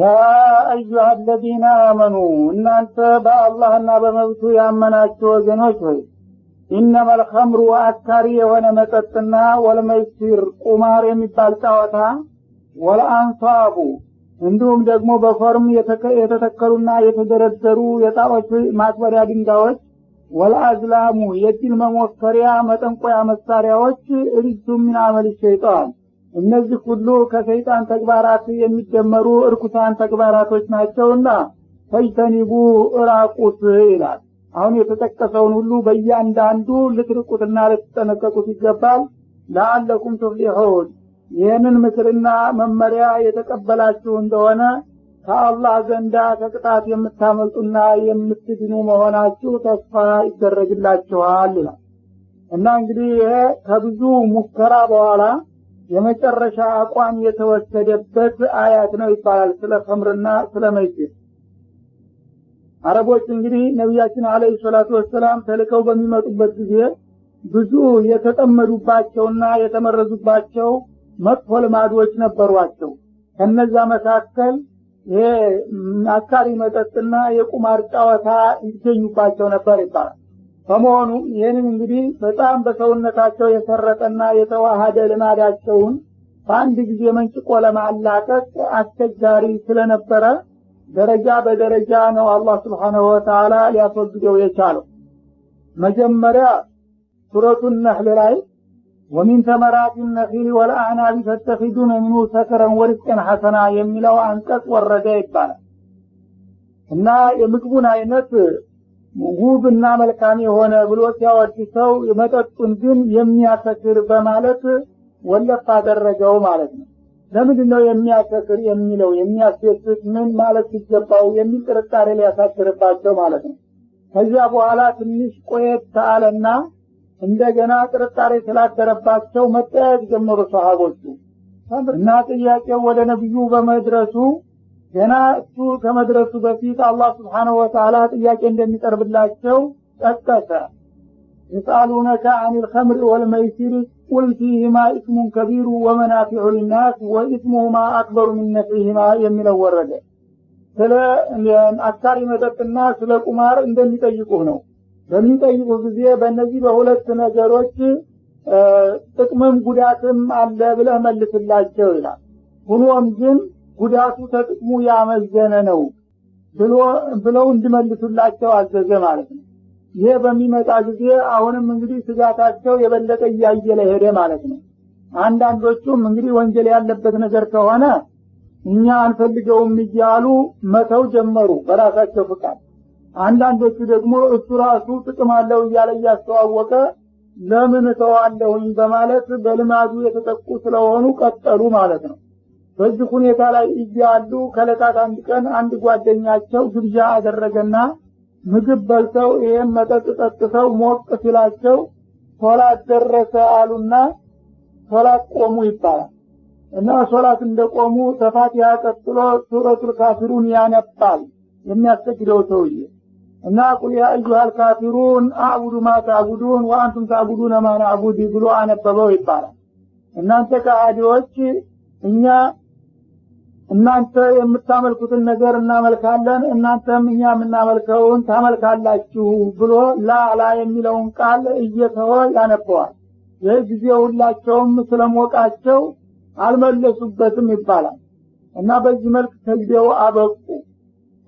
ያ አለዚነ አመኑ እናንተ በአላህና በመብቱ ያመናችሁ ወገኖች ሆይ ኢነመል ኸምሩ አስካሪ የሆነ መጠጥና ወልመይሲር ቁማር የሚባል ጨዋታ ወለአንሳቡ እንዲሁም ደግሞ በኮርም የተተከሉና የተደረደሩ የጣዖች ማክበሪያ ድንጋዮች ወልአዝላሙ የድል መሞከሪያ መጠንቆያ መሳሪያዎች ሪጁ ምን አመል ሸይጣን እነዚህ ሁሉ ከሰይጣን ተግባራት የሚደመሩ እርኩሳን ተግባራቶች ናቸውና ፈጅተኒቡ እራቁት ይላል። አሁን የተጠቀሰውን ሁሉ በእያንዳንዱ ልትርቁትና ልትጠነቀቁት ይገባል። ለአለኩም ቱፍሊሑን ይህንን ምክርና መመሪያ የተቀበላችሁ እንደሆነ ከአላህ ዘንዳ ከቅጣት የምታመልጡና የምትድኑ መሆናችሁ ተስፋ ይደረግላችኋል ይላል እና እንግዲህ ይሄ ከብዙ ሙከራ በኋላ የመጨረሻ አቋም የተወሰደበት አያት ነው ይባላል። ስለ ከምርና ስለ መይሲር አረቦች እንግዲህ ነቢያችን አለህ ሰላቱ ወሰላም ተልከው በሚመጡበት ጊዜ ብዙ የተጠመዱባቸውና የተመረዙባቸው መጥፎ ልማዶች ነበሯቸው። ከነዛ መካከል ይሄ አካሪ መጠጥና የቁማር ጨዋታ ይገኙባቸው ነበር ይባላል። በመሆኑ ይህንን እንግዲህ በጣም በሰውነታቸው የሰረጠና የተዋሃደ ልማዳቸውን በአንድ ጊዜ መንጭቆ ለማላቀቅ አስቸጋሪ ስለነበረ ደረጃ በደረጃ ነው አላህ ስብሓነሁ ወተላ ሊያስወግደው የቻለው። መጀመሪያ ሱረቱ ነህል ላይ ወሚን ተመራት ነኺል ወልአዕናቢ ፈተኺዱነ ምኑ ሰከረን ወርዝቅን ሐሰና የሚለው አንቀጽ ወረደ ይባላል እና የምግቡን አይነት ውብና መልካም የሆነ ብሎ ሰው መጠጡን ግን የሚያሰክር በማለት ወለፍ አደረገው ማለት ነው። ለምንድ ነው የሚያሰክር የሚለው የሚያስደስት ምን ማለት ሲገባው የሚል ጥርጣሬ ሊያሳድርባቸው ማለት ነው። ከዚያ በኋላ ትንሽ ቆየት ተአለና እንደገና ጥርጣሬ ስላደረባቸው መጠያየት ጀመሩ ሰሃቦቹ እና ጥያቄው ወደ ነቢዩ በመድረሱ ገና እሱ ከመድረሱ በፊት አላህ ስብሓነሁ ወተዓላ ጥያቄ እንደሚቀርብላቸው ጠቀሰ። የስአሉነከ አኒል ኸምሪ ወልመይሲር ቁል ፊህማ ኢስሙን ከቢሩ ወመናፊዑ ሊናስ ወኢስሙሁማ አክበሩ ሚን ነፍዒሂማ የሚለው ወረደ። ስለ አስካሪ መጠጥና ስለ ቁማር እንደሚጠይቁህ ነው። በሚጠይቁ ጊዜ በእነዚህ በሁለት ነገሮች ጥቅምም ጉዳትም አለ ብለህ መልስላቸው ይላል። ሁኖም ግን ጉዳቱ ተጥቅሙ ያመዘነ ነው ብለው እንዲመልሱላቸው አዘዘ ማለት ነው። ይሄ በሚመጣ ጊዜ አሁንም እንግዲህ ስጋታቸው የበለጠ እያየለ ሄደ ማለት ነው። አንዳንዶቹም እንግዲህ ወንጀል ያለበት ነገር ከሆነ እኛ አንፈልገውም እያሉ መተው ጀመሩ በራሳቸው ፍቃድ። አንዳንዶቹ ደግሞ እሱ ራሱ ጥቅም አለው እያለ እያስተዋወቀ ለምን እተዋለሁኝ በማለት በልማዱ የተጠቁ ስለሆኑ ቀጠሉ ማለት ነው። በዚህ ሁኔታ ላይ እያሉ ከለጣት አንድ ቀን አንድ ጓደኛቸው ግብዣ አደረገና ምግብ በልተው ይሄን መጠጥ ጠጥተው ሞቅ ሲላቸው ሶላት ደረሰ አሉና ሶላት ቆሙ ይባላል እና ሶላት እንደቆሙ ተፋቲያ ቀጥሎ ሱረቱል ካፊሩን ያነባል የሚያስተግደው ሰውዬ እና ቁል ያ አዩሃል ካፊሩን አዕቡዱ ማ ታዕቡዱን ወአንቱም ታዕቡዱነ ማ ናዕቡድ ብሎ አነበበው ይባላል እናንተ ከአዲዎች እኛ እናንተ የምታመልኩትን ነገር እናመልካለን እናንተም እኛ የምናመልከውን ታመልካላችሁ ብሎ ላላ የሚለውን ቃል እየተወ ያነበዋል ይህ ጊዜ ሁላቸውም ስለሞቃቸው አልመለሱበትም ይባላል እና በዚህ መልክ ተግቤው አበቁ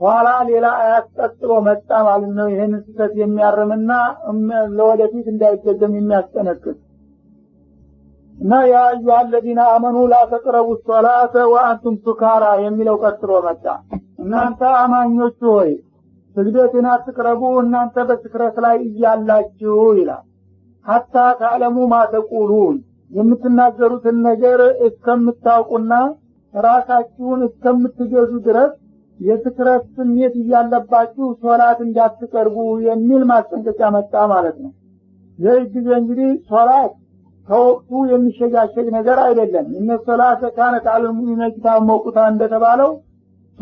ኋላ ሌላ አያት ቀጥሎ መጣ ማለት ነው ይህን ስህተት የሚያርምና ለወደፊት እንዳይደገም የሚያስጠነቅቅ እና ያ አዩሃ አለዚነ አመኑ ላተቅረቡ ሶላተ ወአንቱም ሱካራ የሚለው ቀጥሎ መጣ እናንተ አማኞቹ ሆይ ስግደትን አትቅረቡ እናንተ በስክረት ላይ እያላችሁ ይላል ሀታ ታዕለሙ ማተቁሉን የምትናገሩትን ነገር እስከምታውቁና ራሳችሁን እስከምትገዙ ድረስ የስክረት ስሜት እያለባችሁ ሶላት እንዳትቀርቡ የሚል ማስጠንቀቂያ መጣ ማለት ነው። ይህ ጊዜ እንግዲህ ሶላት ከወቅቱ የሚሸጋሸግ ነገር አይደለም። እነ ሶላት ካነት አለልሙእሚኒነ ኪታብ መውቁታ እንደተባለው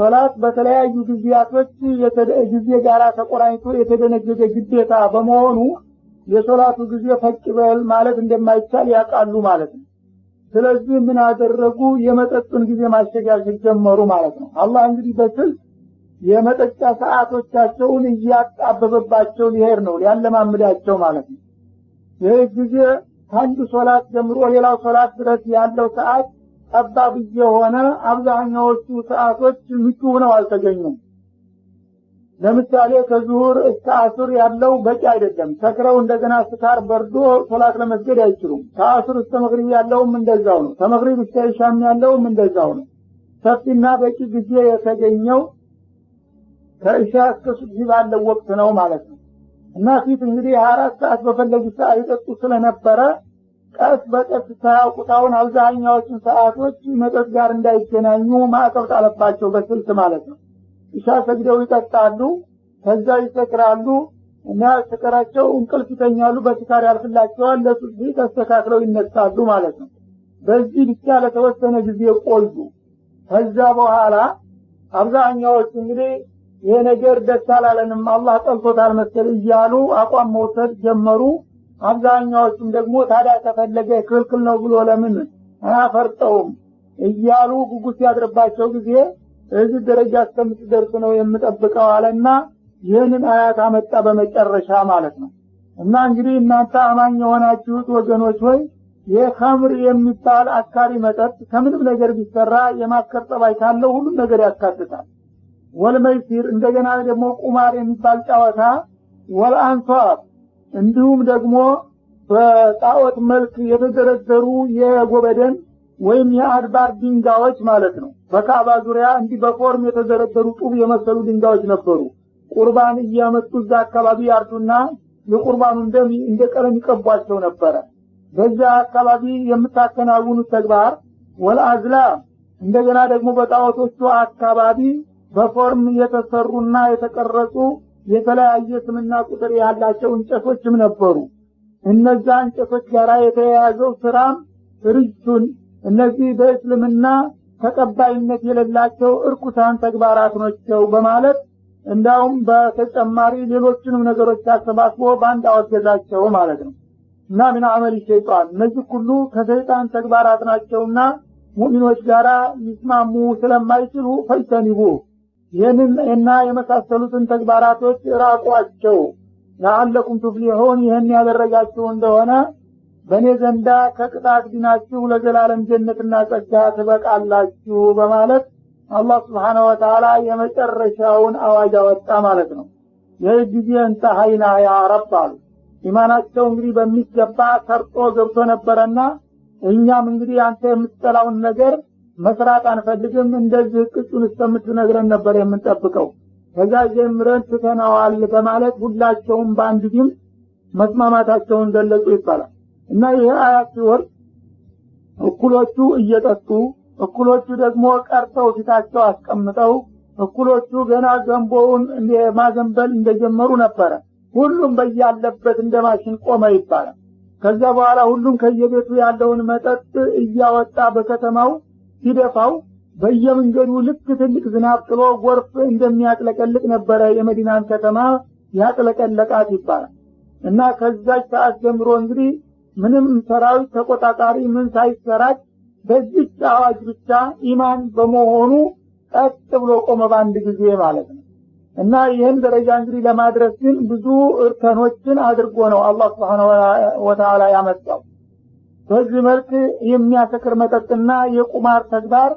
ሶላት በተለያዩ ጊዜያቶች ጊዜ ጋር ተቆራኝቶ የተደነገገ ግዴታ በመሆኑ የሶላቱ ጊዜ ፈቅበል ማለት እንደማይቻል ያውቃሉ ማለት ነው። ስለዚህ ምን አደረጉ? የመጠጡን ጊዜ ማሸጋሸግ ጀመሩ ማለት ነው። አላህ እንግዲህ በስል የመጠጫ ሰዓቶቻቸውን እያጣበበባቸው ሊሄድ ነው ሊያለማምዳቸው ማለት ነው። ይህ ጊዜ ከአንድ ሶላት ጀምሮ ሌላ ሶላት ድረስ ያለው ሰዓት ጠባብ የሆነ አብዛኛዎቹ ሰዓቶች ምቹ ሆነው አልተገኙም ለምሳሌ ከዙሁር እስከ አሱር ያለው በቂ አይደለም ሰክረው እንደገና ስካር በርዶ ሶላት ለመስገድ አይችሉም ከአሱር እስከ መቅሪብ ያለውም እንደዛው ነው ከመግሪብ እስከ ኢሻም ያለውም እንደዛው ነው ሰፊና በቂ ጊዜ የተገኘው ከኢሻ እስከ ሱብሂ ባለው ወቅት ነው ማለት ነው እና ፊት እንግዲህ አራት ሰዓት በፈለጉ ሰዓት ይጠጡ ስለነበረ ቀስ በቀስ ሳያውቁታውን አብዛኛዎችን ሰዓቶች መጠጥ ጋር እንዳይገናኙ ማዕቀብ ጣለባቸው በስልት ማለት ነው። ኢሻ ሰግደው ይጠጣሉ፣ ከዛ ይሰክራሉ እና ስክራቸው እንቅልፍ ይተኛሉ፣ በስካር ያልፍላቸዋል። ጊዜ ተስተካክለው ይነሳሉ ማለት ነው። በዚህ ብቻ ለተወሰነ ጊዜ ቆዩ። ከዛ በኋላ አብዛኛዎቹ እንግዲህ ይሄ ነገር ደስ አላለንም፣ አላህ ጠልቶታል መሰል እያሉ አቋም መውሰድ ጀመሩ። አብዛኛዎቹም ደግሞ ታዲያ ተፈለገ ክልክል ነው ብሎ ለምን አያፈርጠውም እያሉ ጉጉት ያድርባቸው ጊዜ እዚህ ደረጃ እስከምትደርስ ነው የምጠብቀው አለና ይህንን አያት አመጣ በመጨረሻ ማለት ነው። እና እንግዲህ እናንተ አማኝ የሆናችሁት ወገኖች ሆይ የኸምር የሚባል አካሪ መጠጥ ከምንም ነገር ቢሰራ የማስከር ጠባይ ካለው ሁሉም ነገር ያካትታል። ወልመይሲር እንደገና ደግሞ ቁማር የሚባል ጨዋታ ወልአንሷር እንዲሁም ደግሞ በጣዖት መልክ የተደረደሩ የጎበደን ወይም የአድባር ድንጋዮች ማለት ነው። በካዕባ ዙሪያ እንዲህ በፎርም የተደረደሩ ጡብ የመሰሉ ድንጋዮች ነበሩ። ቁርባን እያመጡ እዛ አካባቢ ያርዱና የቁርባኑን ደም እንደ ቀለም ይቀቧቸው ነበረ። በዛ አካባቢ የምታከናውኑት ተግባር ወልአዝላ እንደገና ደግሞ በጣዖቶቹ አካባቢ በፎርም የተሰሩና የተቀረጹ የተለያየ ስምና ቁጥር ያላቸው እንጨቶችም ነበሩ። እነዛ እንጨቶች ጋር የተያያዘው ስራም ርጅቱን እነዚህ በእስልምና ተቀባይነት የሌላቸው እርኩሳን ተግባራት ናቸው በማለት እንዳውም በተጨማሪ ሌሎችንም ነገሮች አሰባስቦ በአንድ አወገዛቸው ማለት ነው እና ምን አመል ሸይጣን እነዚህ ሁሉ ከሰይጣን ተግባራት ናቸውና ሙእሚኖች ጋራ ሊስማሙ ስለማይችሉ ፈጅተኒቡ ይህንን እና የመሳሰሉትን ተግባራቶች ራቋቸው ለአለኩም ቱፍሊሑን ይህን ያደረጋችሁ እንደሆነ በእኔ ዘንዳ ከቅጣት ዲናችሁ ለዘላለም ጀነትና ጸጋ ትበቃላችሁ በማለት አላህ ስብሓነሁ ወተዓላ የመጨረሻውን አዋጅ አወጣ ማለት ነው። ይህ ጊዜ እንተሀይና ያ ረብ አሉ። ኢማናቸው እንግዲህ በሚገባ ሰርጦ ገብቶ ነበረና እኛም እንግዲህ አንተ የምትጠላውን ነገር መስራት አንፈልግም፣ እንደዚህ ቅጹን እስከምትነግረን ነበር የምንጠብቀው፣ ከዛ ጀምረን ትተነዋል በማለት ሁላቸውም በአንድ ድምፅ መስማማታቸውን ገለጹ ይባላል። እና ይህ አያት ሲወር እኩሎቹ እየጠጡ እኩሎቹ ደግሞ ቀርተው ፊታቸው አስቀምጠው እኩሎቹ ገና ገንቦውን ማዘንበል እንደጀመሩ ነበረ። ሁሉም በያለበት እንደ ማሽን ቆመ ይባላል። ከዛ በኋላ ሁሉም ከየቤቱ ያለውን መጠጥ እያወጣ በከተማው ሲደፋው በየመንገዱ ልክ ትልቅ ዝናብ ጥሎ ጎርፍ እንደሚያጥለቀልቅ ነበረ የመዲናን ከተማ ያጥለቀለቃት ይባላል እና ከዛች ሰዓት ጀምሮ እንግዲህ ምንም ሰራዊት ተቆጣጣሪ ምን ሳይሰራጭ በዚች አዋጅ ብቻ ኢማን በመሆኑ ቀጥ ብሎ ቆመ በአንድ ጊዜ ማለት ነው እና ይህን ደረጃ እንግዲህ ለማድረስ ግን ብዙ እርከኖችን አድርጎ ነው አላህ ስብን ወተላ ያመጣው በዚህ መልክ የሚያሰክር መጠጥና የቁማር ተግባር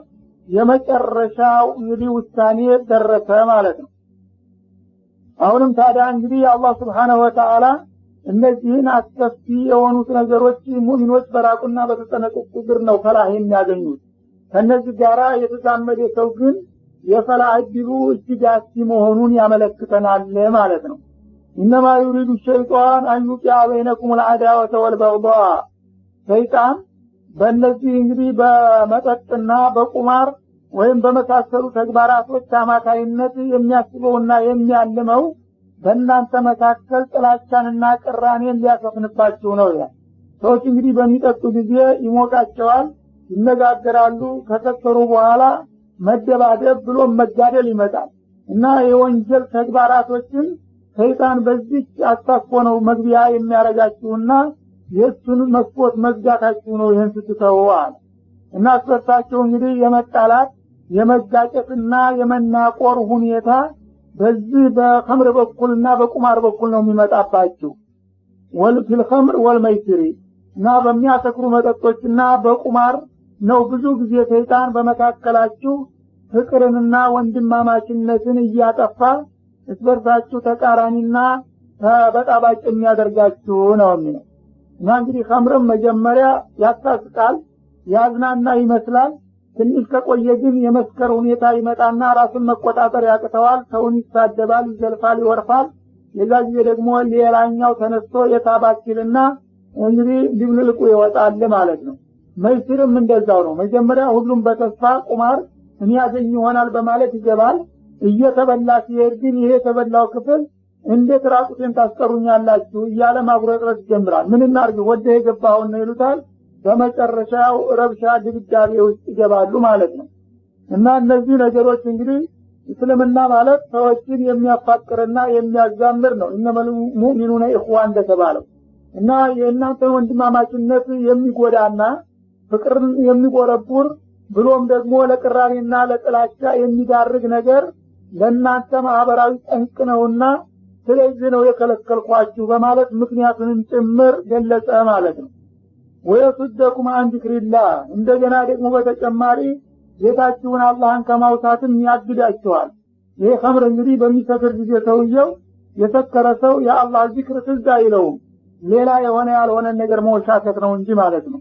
የመጨረሻው እንግዲህ ውሳኔ ደረሰ ማለት ነው። አሁንም ታዲያ እንግዲህ አላህ ስብሓነሁ ወተአላ እነዚህን አስከፊ የሆኑት ነገሮች ሙሚኖች በራቁና በተጠነቀቁ ቁጥር ነው ፈላህ የሚያገኙት። ከእነዚህ ጋራ የተዛመደ ሰው ግን የፈላህ እድሉ እጅግ አስጊ መሆኑን ያመለክተናል ማለት ነው። ኢነማ ዩሪዱ ሸይጣን አንዩቂአ በይነኩም ልአዳወተ ወልበግዷ ሰይጣን በእነዚህ እንግዲህ በመጠጥና በቁማር ወይም በመሳሰሉ ተግባራቶች አማካይነት የሚያስበውና የሚያልመው በእናንተ መካከል ጥላቻንና ቅራኔን ሊያሰፍንባችሁ ነው ይላል። ሰዎች እንግዲህ በሚጠጡ ጊዜ ይሞቃቸዋል፣ ይነጋገራሉ። ከሰከሩ በኋላ መደባደብ ብሎ መጋደል ይመጣል እና የወንጀል ተግባራቶችን ሰይጣን በዚህ አስታኮ ነው መግቢያ የሚያረጋችሁና የእሱን መስኮት መዝጋታችሁ ነው ይህን ስትተው እና አስፈታቸው እንግዲህ የመጣላት የመጋጨትና የመናቆር ሁኔታ በዚህ በኩል እና በቁማር በኩል ነው የሚመጣባችሁ ወልፊልከምር ኸምር እና በሚያሰክሩ መጠጦችና በቁማር ነው ብዙ ጊዜ ሰይጣን በመካከላችሁ ፍቅርንና ወንድማማችነትን እያጠፋ እስበርሳችሁ ተቃራኒና በጣባጭ የሚያደርጋችሁ ነው የሚነው እና እንግዲህ ከምርም መጀመሪያ ያሳስቃል ያዝናና ይመስላል። ትንሽ ከቆየ ግን የመስከር ሁኔታ ይመጣና ራሱን መቆጣጠር ያቅተዋል። ሰውን ይሳደባል፣ ይዘልፋል፣ ይወርፋል። የዛ ጊዜ ደግሞ ሌላኛው ተነስቶ የታባኪልና እንግዲህ ድብልልቁ ይወጣል ማለት ነው። መይሲርም እንደዛው ነው። መጀመሪያ ሁሉም በተስፋ ቁማር እኔ ያገኝ ይሆናል በማለት ይገባል። እየተበላ ሲሄድ ግን ይሄ የተበላው ክፍል እንዴት ራቁቴን ታስቀሩኛላችሁ እያለ ማጉረጥረት ይጀምራል። ምን እናርግ ወደ የገባኸውን ነው ይሉታል። በመጨረሻው ረብሻ ድብዳቤ ውስጥ ይገባሉ ማለት ነው። እና እነዚህ ነገሮች እንግዲህ እስልምና ማለት ሰዎችን የሚያፋቅርና የሚያዛምር ነው። እነመል ሙእሚኑነ ኢኽዋን እንደተባለው እና የእናንተ ወንድማማችነት የሚጎዳና ፍቅርን የሚጎረቡር ብሎም ደግሞ ለቅራኔና ለጥላቻ የሚዳርግ ነገር ለእናንተ ማህበራዊ ጠንቅ ነውና ስለዚህ ነው የከለከልኳችሁ በማለት ምክንያቱንም ጭምር ገለጸ ማለት ነው ወየሱደኩም አን ዚክሪላ እንደገና ደግሞ በተጨማሪ ጌታችሁን አላህን ከማውሳትም ያግዳችኋል ይሄ ከምር እንግዲህ በሚሰክር ጊዜ ሰውየው የሰከረ ሰው የአላህ ዚክር ትዝ አይለውም ሌላ የሆነ ያልሆነ ነገር መወሻከት ነው እንጂ ማለት ነው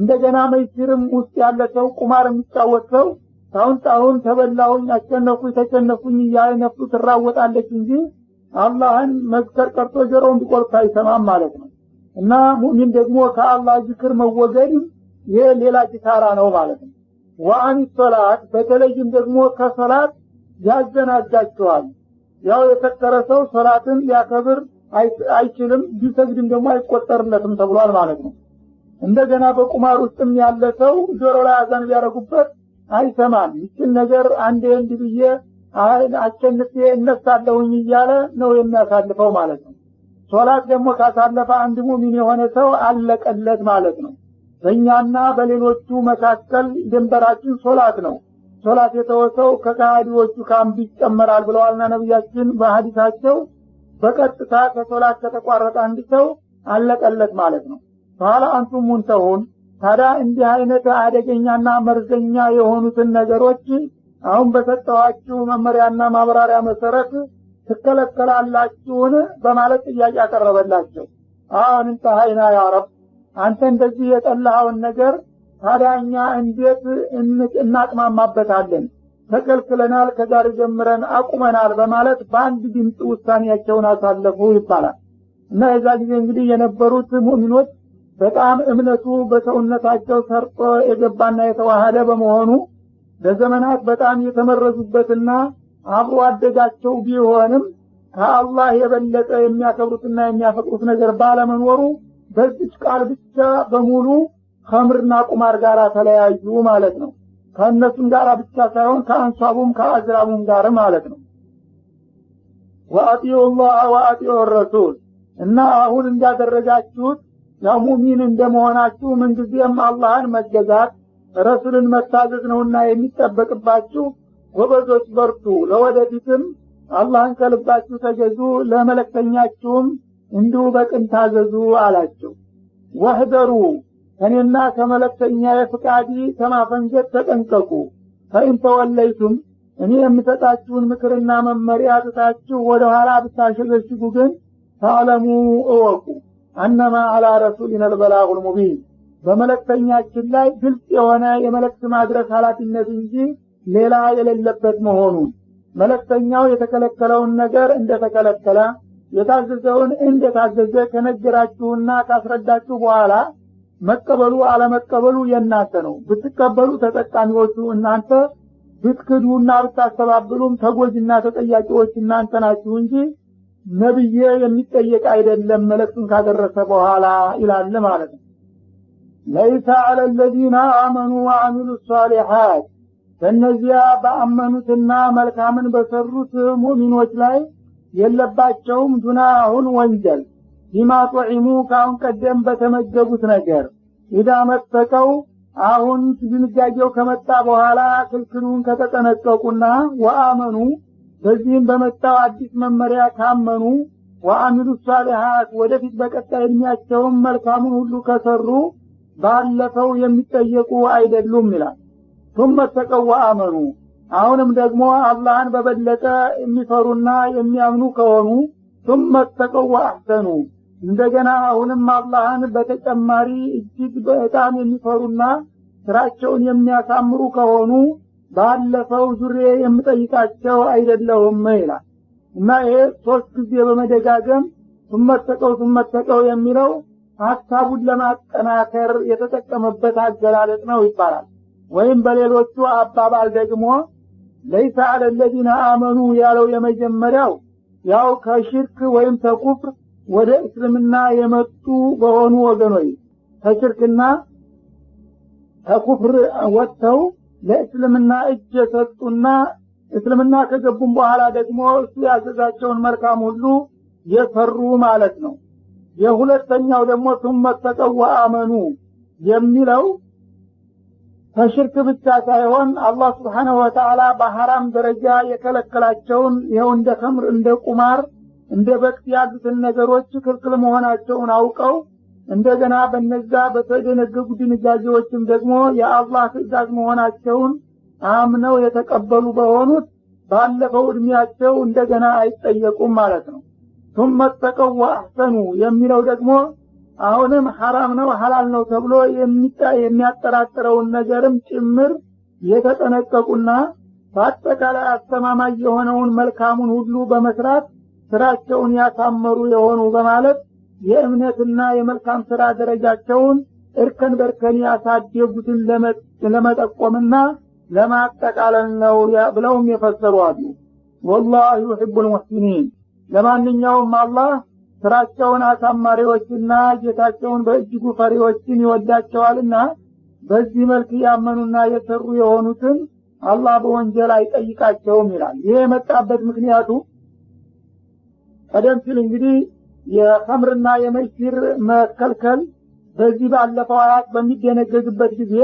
እንደገና መይሲርም ውስጥ ያለ ሰው ቁማር የሚጫወት ሰው ታሁን ታሁን ተበላሁኝ አሸነፉኝ ተሸነፉኝ እያለ ነፍሱ ትራወጣለች እንጂ አላህን መዝከር ቀርቶ ጆሮውን ቢቆርጥ አይሰማም ማለት ነው እና ሙእሚን ደግሞ ከአላህ ዝክር መወገድ ይሄ ሌላ ኪሳራ ነው ማለት ነው ወአን ሶላት በተለይም ደግሞ ከሰላት ያዘናጃቸዋል ያው የፈጠረ ሰው ሰላትን ሊያከብር አይችልም ቢሰግድም ደግሞ አይቆጠርለትም ተብሏል ማለት ነው እንደገና በቁማር ውስጥም ያለ ሰው ጆሮ ላይ አዛን ቢያደረጉበት አይሰማም ይችን ነገር አንዴ እንዲህ ብዬ አሸንፌ እነሳለሁኝ እያለ ነው የሚያሳልፈው ማለት ነው። ሶላት ደግሞ ካሳለፈ አንድ ሙሚን የሆነ ሰው አለቀለት ማለት ነው። በእኛና በሌሎቹ መካከል ድንበራችን ሶላት ነው። ሶላት የተወሰው ከካሃዲዎቹ ካምቢ ይጨመራል ብለዋልና ነቢያችን በሀዲሳቸው በቀጥታ ከሶላት ከተቋረጠ አንድ ሰው አለቀለት ማለት ነው። በኋላ አንቱም ሙንተሁን ታዲያ እንዲህ አይነት አደገኛና መርዘኛ የሆኑትን ነገሮች አሁን በሰጠኋችሁ መመሪያና ማብራሪያ መሰረት ትከለከላላችሁን በማለት ጥያቄ አቀረበላቸው አሁን እንተሀይና ያረብ አንተ እንደዚህ የጠላኸውን ነገር ታዲያኛ እንዴት እናቅማማበታለን ተከልክለናል ከዛሬ ጀምረን አቁመናል በማለት በአንድ ድምፅ ውሳኔያቸውን አሳለፉ ይባላል እና የዛ ጊዜ እንግዲህ የነበሩት ሙእሚኖች በጣም እምነቱ በሰውነታቸው ሰርጦ የገባና የተዋሃደ በመሆኑ በዘመናት በጣም የተመረዙበትና አብሮ አደጋቸው ቢሆንም ከአላህ የበለጠ የሚያከብሩትና የሚያፈቅሩት ነገር ባለመኖሩ በዚች ቃል ብቻ በሙሉ ከምርና ቁማር ጋር ተለያዩ ማለት ነው። ከእነሱም ጋር ብቻ ሳይሆን ከአንሷቡም ከአዝራቡም ጋር ማለት ነው። ወአጢዑ ላህ ወአጢዑ ረሱል እና አሁን እንዳደረጋችሁት ያው ሙሚን እንደመሆናችሁ ምንጊዜም አላህን መገዛት ረሱልን መታዘዝ ነውና የሚጠበቅባችሁ ጎበዞች በርቱ። ለወደፊትም አላህን ከልባችሁ ተገዙ፣ ለመለክተኛችሁም እንዲሁ በቅን ታዘዙ አላቸው። ወህደሩ ከኔና ከመለክተኛ የፍቃዲ ከማፈንጀት ተጠንቀቁ። ፈኢን ተወለይቱም እኔ የምሰጣችሁን ምክርና መመሪያ ትታችሁ ወደ ኋላ ብታሸገሽጉ ግን ታዕለሙ እወቁ አነማ አላ ረሱሊና ልበላቁል ልሙቢን በመልእክተኛችን ላይ ግልጽ የሆነ የመልእክት ማድረስ ኃላፊነት እንጂ ሌላ የሌለበት መሆኑን መለክተኛው የተከለከለውን ነገር እንደተከለከለ የታዘዘውን እንደታዘዘ ከነገራችሁና ካስረዳችሁ በኋላ መቀበሉ አለመቀበሉ የእናንተ ነው። ብትቀበሉ ተጠቃሚዎቹ እናንተ፣ ብትክዱና ብታስተባብሉም ተጎጅና ተጠያቂዎች እናንተ ናችሁ እንጂ ነብዬ የሚጠየቅ አይደለም መለክቱን ካደረሰ በኋላ ይላል ማለት ነው። ለይሰ አለ ለዚነ አመኑ ወአሚሉ ሷሊሓት በእነዚያ በአመኑትና መልካምን በሰሩት ሙእሚኖች ላይ የለባቸውም ዱናሁን ወንጀል ቢማ ጦዒሙ ከአሁን ቀደም በተመገቡት ነገር ኢዳ መጠቀው አሁን ድንጋጌው ከመጣ በኋላ ክልክሉን ከተጠነቀቁና ወአመኑ በዚህም በመጣው አዲስ መመሪያ ካመኑ ወአሚሉ ሷሊሓት ወደፊት በቀጣይ ዕድሜያቸውም መልካሙን ሁሉ ከሰሩ ባለፈው የሚጠየቁ አይደሉም ይላል ቱመ ተቀዋ አመኑ አሁንም ደግሞ አላህን በበለጠ የሚፈሩና የሚያምኑ ከሆኑ ቱመ ተቀዋ አሕሰኑ እንደገና አሁንም አላህን በተጨማሪ እጅግ በጣም የሚፈሩና ስራቸውን የሚያሳምሩ ከሆኑ ባለፈው ዙሬ የምጠይቃቸው አይደለሁም ይላል እና ይሄ ሶስት ጊዜ በመደጋገም ሱመተቀው ሱመተቀው የሚለው ሀሳቡን ለማጠናከር የተጠቀመበት አገላለጥ ነው ይባላል። ወይም በሌሎቹ አባባል ደግሞ ለይሳ አለ ለዚነ አመኑ ያለው የመጀመሪያው ያው ከሽርክ ወይም ከኩፍር ወደ እስልምና የመጡ በሆኑ ወገኖች ከሽርክና ከኩፍር ወጥተው ለእስልምና እጅ የሰጡና እስልምና ከገቡም በኋላ ደግሞ እሱ ያዘዛቸውን መልካም ሁሉ የሰሩ ማለት ነው። የሁለተኛው ደግሞ ቱመ ተቀዋ አመኑ የሚለው ከሽርክ ብቻ ሳይሆን አላህ ስብሓንሁ ወተዓላ በሐራም ደረጃ የከለከላቸውን ይኸው እንደ ከምር እንደ ቁማር እንደ በቅት ያሉትን ነገሮች ክልክል መሆናቸውን አውቀው እንደገና በነዛ በተደነገጉ ድንጋጌዎችም ደግሞ የአላህ ትእዛዝ መሆናቸውን አምነው የተቀበሉ በሆኑት ባለፈው እድሜያቸው እንደገና አይጠየቁም ማለት ነው ቱመ ተቀው ወአሕሰኑ የሚለው ደግሞ አሁንም ሐራም ነው ሐላል ነው ተብሎ የሚያጠራጥረውን ነገርም ጭምር የተጠነቀቁና በአጠቃላይ አስተማማኝ የሆነውን መልካሙን ሁሉ በመስራት ስራቸውን ያሳመሩ የሆኑ በማለት የእምነትና የመልካም ስራ ደረጃቸውን እርከን በእርከን ያሳደጉትን ለመጠቆምና ለማጠቃለል ነው ብለውም የፈሰሩ አሉ። ወላሁ ዩሕቡ ልሙሕሲኒን ለማንኛውም አላህ ስራቸውን አሳማሪዎችና ጌታቸውን በእጅጉ ፈሪዎችን ይወዳቸዋልና በዚህ መልክ ያመኑና የሰሩ የሆኑትን አላህ በወንጀል አይጠይቃቸውም ይላል። ይህ የመጣበት ምክንያቱ ቀደም ሲል እንግዲህ የከምርና የመይሲር መከልከል በዚህ ባለፈው አያት በሚደነገግበት ጊዜ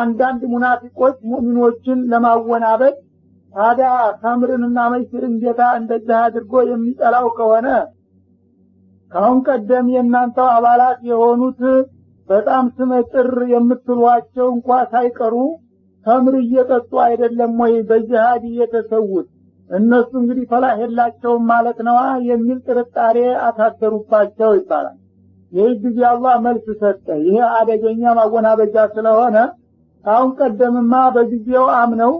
አንዳንድ ሙናፊቆች ሙእሚኖችን ለማወናበድ ታዲያ ተምርንና መይስርን ጌታ እንደዚህ አድርጎ የሚጠላው ከሆነ ካሁን ቀደም የእናንተው አባላት የሆኑት በጣም ስመጥር የምትሏቸው እንኳ ሳይቀሩ ተምር እየጠጡ አይደለም ወይ በጅሃድ እየተሰዉት? እነሱ እንግዲህ ፈላህ የላቸውም ማለት ነዋ የሚል ጥርጣሬ አታደሩባቸው ይባላል። ይህ ጊዜ አላህ መልስ ሰጠ። ይሄ አደገኛ ማወናበጃ ስለሆነ ካሁን ቀደምማ በጊዜው አምነው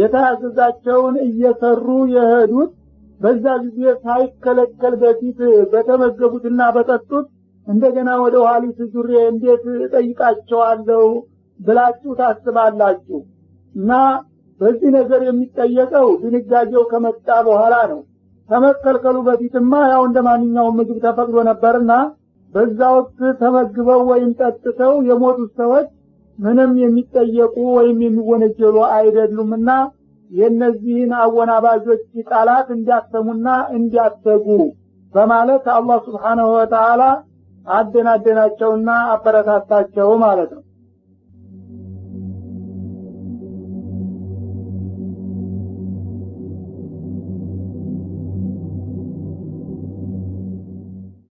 የታዘዛቸውን እየሰሩ የሄዱት በዛ ጊዜ ሳይከለከል በፊት በተመገቡትና በጠጡት እንደገና ወደ ኋሊት ዙሬ እንዴት እጠይቃቸዋለሁ ብላችሁ ታስባላችሁ? እና በዚህ ነገር የሚጠየቀው ድንጋጌው ከመጣ በኋላ ነው። ከመከልከሉ በፊትማ ያው እንደ ማንኛውም ምግብ ተፈቅዶ ነበርና በዛ ወቅት ተመግበው ወይም ጠጥተው የሞቱት ሰዎች ምንም የሚጠየቁ ወይም የሚወነጀሉ አይደሉምና የእነዚህን አወናባዦች ቃላት እንዲያተሙና እንዲያተጉ በማለት አላህ ስብሓነሁ ወተዓላ አደናደናቸውና አበረታታቸው ማለት ነው